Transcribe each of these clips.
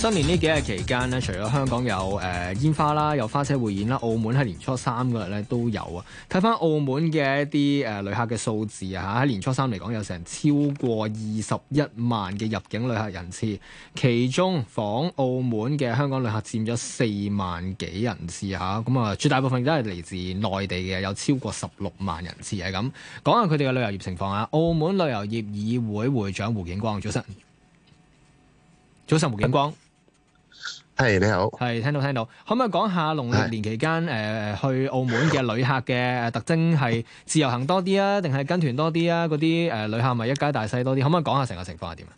新年幾呢幾日期間咧，除咗香港有誒煙、呃、花啦，有花車匯演啦，澳門喺年初三嘅日咧都有看看、呃、啊。睇翻澳門嘅一啲誒旅客嘅數字啊，喺年初三嚟講，有成超過二十一萬嘅入境旅客人次，其中訪澳門嘅香港旅客佔咗四萬幾人次吓，咁啊，絕大部分都係嚟自內地嘅，有超過十六萬人次係咁。講下佢哋嘅旅遊業情況啊。澳門旅遊業議會會，會長胡景光，早晨，早晨，胡景光。係、hey，你好，係聽到聽到，可唔可以講下農曆年期間誒係、呃、去澳門嘅旅客嘅特徵係自由行多啲啊，定係跟團多啲啊？嗰啲誒旅客咪一家大細多啲？可唔可以講下成個情況係點啊？點啊呃、點可可啊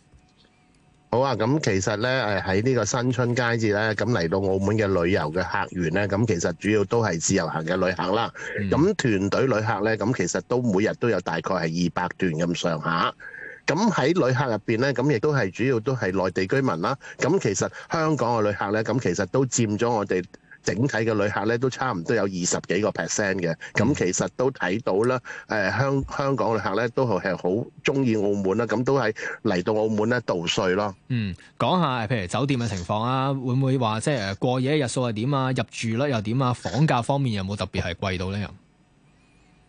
好啊，咁其實咧誒喺呢個新春佳節咧，咁嚟到澳門嘅旅遊嘅客源咧，咁其實主要都係自由行嘅旅客啦。咁團隊旅客咧，咁其實都每日都有大概係二百團咁上下。咁喺旅客入邊咧，咁亦都係主要都係內地居民啦。咁其實香港嘅旅客咧，咁其實都佔咗我哋整體嘅旅客咧，都差唔多有二十幾個 percent 嘅。咁其實都睇到啦，誒、呃、香香港旅客咧都係好中意澳門啦。咁都係嚟到澳門咧度歲咯。嗯，講下譬如酒店嘅情況啊，會唔會話即係過夜日數係點啊？入住率又點啊？房價方面有冇特別係貴到咧？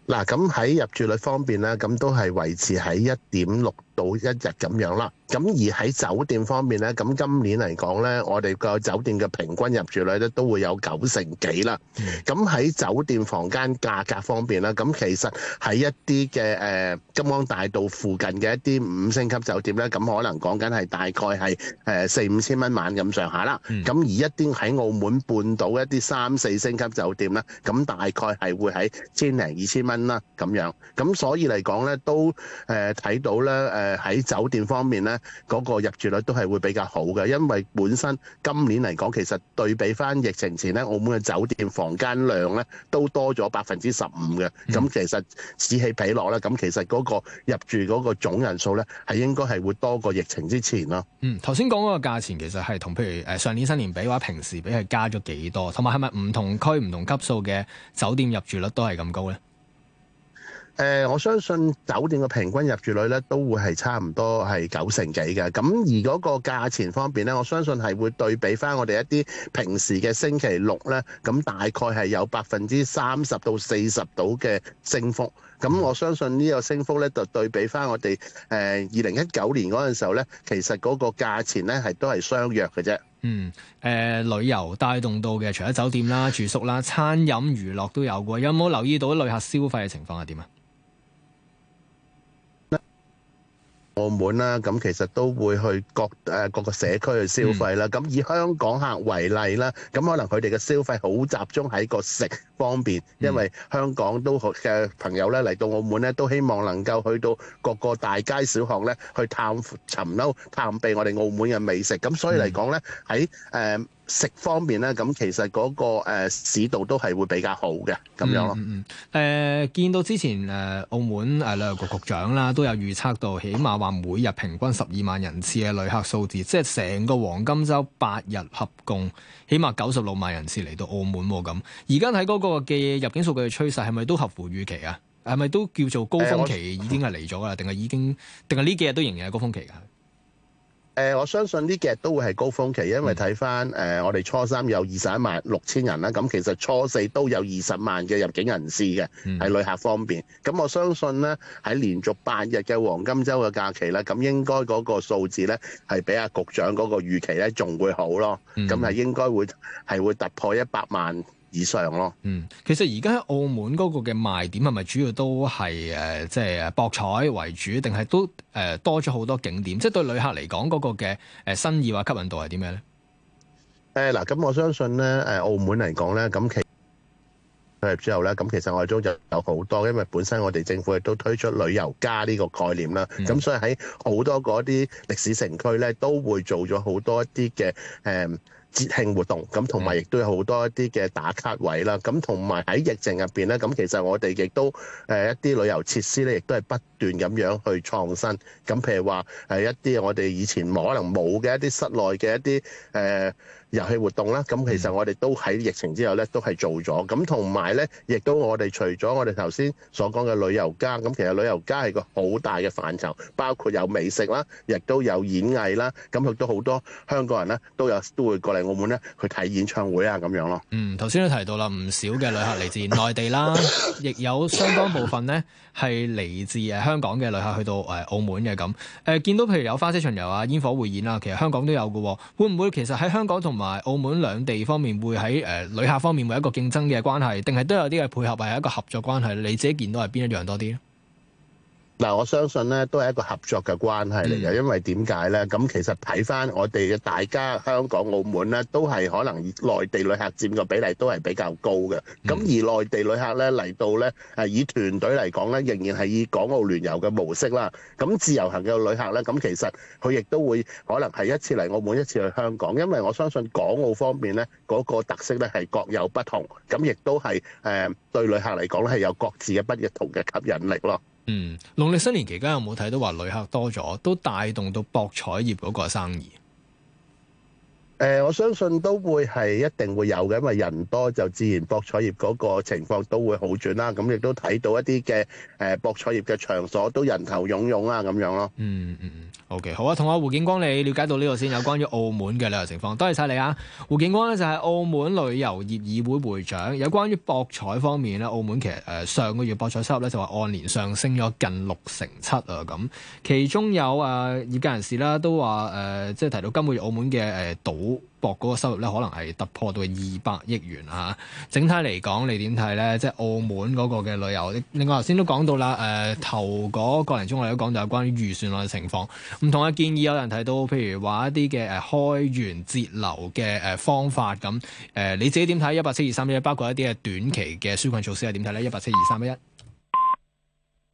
嗱，咁喺入住率方面咧，咁都係維持喺一點六到一日咁樣啦，咁而喺酒店方面呢，咁今年嚟講呢，我哋個酒店嘅平均入住率呢都會有九成幾啦。咁喺、嗯、酒店房間價格方面呢，咁其實喺一啲嘅誒金光大道附近嘅一啲五星級酒店呢，咁可能講緊係大概係誒、呃、四五千蚊晚咁上下啦。咁、嗯、而一啲喺澳門半島一啲三四星級酒店呢，咁大概係會喺千零二千蚊啦咁樣。咁所以嚟講呢，都誒睇、呃、到呢。誒、呃。誒喺酒店方面呢，嗰、嗰個入住率都係會比較好嘅，因為本身今年嚟講，其實對比翻疫情前呢，澳門嘅酒店房間量呢都多咗百分之十五嘅，咁、嗯、其實此起彼落咧，咁其實嗰個入住嗰個總人數呢，係應該係會多過疫情之前咯。嗯，頭先講嗰個價錢其實係同譬如誒上年新年比話，平時比係加咗幾多？同埋係咪唔同區唔同級數嘅酒店入住率都係咁高呢？誒、呃，我相信酒店嘅平均入住率咧，都會係差唔多係九成幾嘅。咁而嗰個價錢方面咧，我相信係會對比翻我哋一啲平時嘅星期六咧，咁大概係有百分之三十到四十度嘅升幅。咁我相信呢個升幅咧，就對比翻我哋誒二零一九年嗰陣時候咧，其實嗰個價錢咧係都係相若嘅啫。嗯，誒、呃、旅遊帶動到嘅，除咗酒店啦、住宿啦、餐飲、娛樂都有喎。有冇留意到旅客消費嘅情況係點啊？澳門啦，咁其實都會去各誒各個社區去消費啦。咁、嗯、以香港客為例啦，咁可能佢哋嘅消費好集中喺個食。方便，嗯、因為香港都學嘅朋友咧，嚟到澳門咧，都希望能夠去到各個大街小巷咧，去探尋咯，探秘我哋澳門嘅美食。咁所以嚟講咧，喺誒、嗯呃、食方面咧，咁其實嗰、那個誒、呃、市道都係會比較好嘅咁樣咯、嗯。嗯誒、呃、見到之前誒、呃、澳門誒、呃、旅遊局局長啦，都有預測到，起碼話每日平均十二萬人次嘅旅客數字，即係成個黃金周八日合共起碼九十六萬人次嚟到澳門，啊，咁而家喺嗰嗰個嘅入境數據嘅趨勢係咪都合乎預期啊？係咪都叫做高峰期已經係嚟咗啦？定係、呃、已經定係呢幾日都仍然係高峰期㗎？誒、呃，我相信呢幾日都會係高峰期，因為睇翻誒，我哋初三有二十一萬六千人啦。咁其實初四都有二十萬嘅入境人士嘅，喺、嗯、旅客方面。咁我相信呢，喺連續八日嘅黃金周嘅假期咧，咁應該嗰個數字咧係比阿局長嗰個預期咧仲會好咯。咁係、嗯、應該會係會突破一百萬。以上咯，嗯，其實而家喺澳門嗰個嘅賣點係咪主要都係誒、呃，即係博彩為主，定係都誒、呃、多咗好多景點？即係對旅客嚟講嗰個嘅誒新意或吸引度係點樣咧？誒嗱、呃，咁我相信咧，誒澳門嚟講咧，咁其之、嗯、後咧，咁其實我哋中就有好多，因為本身我哋政府亦都推出旅遊加呢個概念啦，咁所以喺好多嗰啲歷史城區咧，都會做咗好多一啲嘅誒。呃節慶活動，咁同埋亦都有好多一啲嘅打卡位啦，咁同埋喺疫情入邊呢，咁其實我哋亦都誒、呃、一啲旅遊設施呢，亦都係不斷咁樣去創新。咁譬如話誒、呃、一啲我哋以前可能冇嘅一啲室內嘅一啲誒、呃、遊戲活動啦，咁其實我哋都喺疫情之後呢，都係做咗。咁同埋呢，亦都我哋除咗我哋頭先所講嘅旅遊加，咁其實旅遊加係個好大嘅範疇，包括有美食啦，亦都有演藝啦，咁亦都好多香港人呢，都有都會過嚟。澳門咧去睇演唱會啊，咁樣咯。嗯，頭先都提到啦，唔少嘅旅客嚟自內地啦，亦 有相當部分呢係嚟自誒香港嘅旅客去到誒澳門嘅咁。誒、呃，見到譬如有花車巡遊啊、煙火匯演啊，其實香港都有噶。會唔會其實喺香港同埋澳門兩地方面會喺誒旅客方面會有一個競爭嘅關係，定係都有啲嘅配合，或係一個合作關係？你自己見到係邊一樣多啲咧？嗱，我相信咧都係一個合作嘅關係嚟嘅，因為點解呢？咁其實睇翻我哋嘅大家香港、澳門咧，都係可能內地旅客佔嘅比例都係比較高嘅。咁、嗯、而內地旅客咧嚟到呢，係以團隊嚟講呢，仍然係以港澳聯遊嘅模式啦。咁自由行嘅旅客呢，咁其實佢亦都會可能係一次嚟澳門，一次去香港，因為我相信港澳方面呢，嗰個特色呢係各有不同，咁亦都係誒對旅客嚟講咧係有各自嘅不一同嘅吸引力咯。嗯，農曆新年期間有冇睇到話旅客多咗，都帶動到博彩業嗰個生意？誒、呃，我相信都會係一定會有嘅，因為人多就自然博彩業嗰個情況都會好轉啦。咁亦都睇到一啲嘅誒博彩業嘅場所都人頭湧湧啊，咁樣咯。嗯嗯嗯，OK，好啊，同阿胡景光你了解到呢個先有關於澳門嘅旅遊情況，多謝晒你啊。胡景光呢就係澳門旅遊業議會會長，有關於博彩方面咧，澳門其實誒、呃、上個月博彩收入咧就話按年上升咗近六成七啊，咁其中有啊業界人士啦都話誒、呃，即係提到今個月澳門嘅誒賭。呃賭博嗰個收入咧，可能係突破到二百億元啊！整體嚟講，你點睇咧？即係澳門嗰個嘅旅遊，另外、呃，頭先都講到啦。誒，頭嗰個零鐘我哋都講到有關於預算內嘅情況。唔、嗯、同嘅建議，有人提到，譬如話一啲嘅誒開源節流嘅誒方法咁。誒、呃，你自己點睇一八七二三一一？1, 7, 2, 3, 1, 包括一啲嘅短期嘅紓困措施係點睇咧？一八七二三一一。1, 7, 2, 3,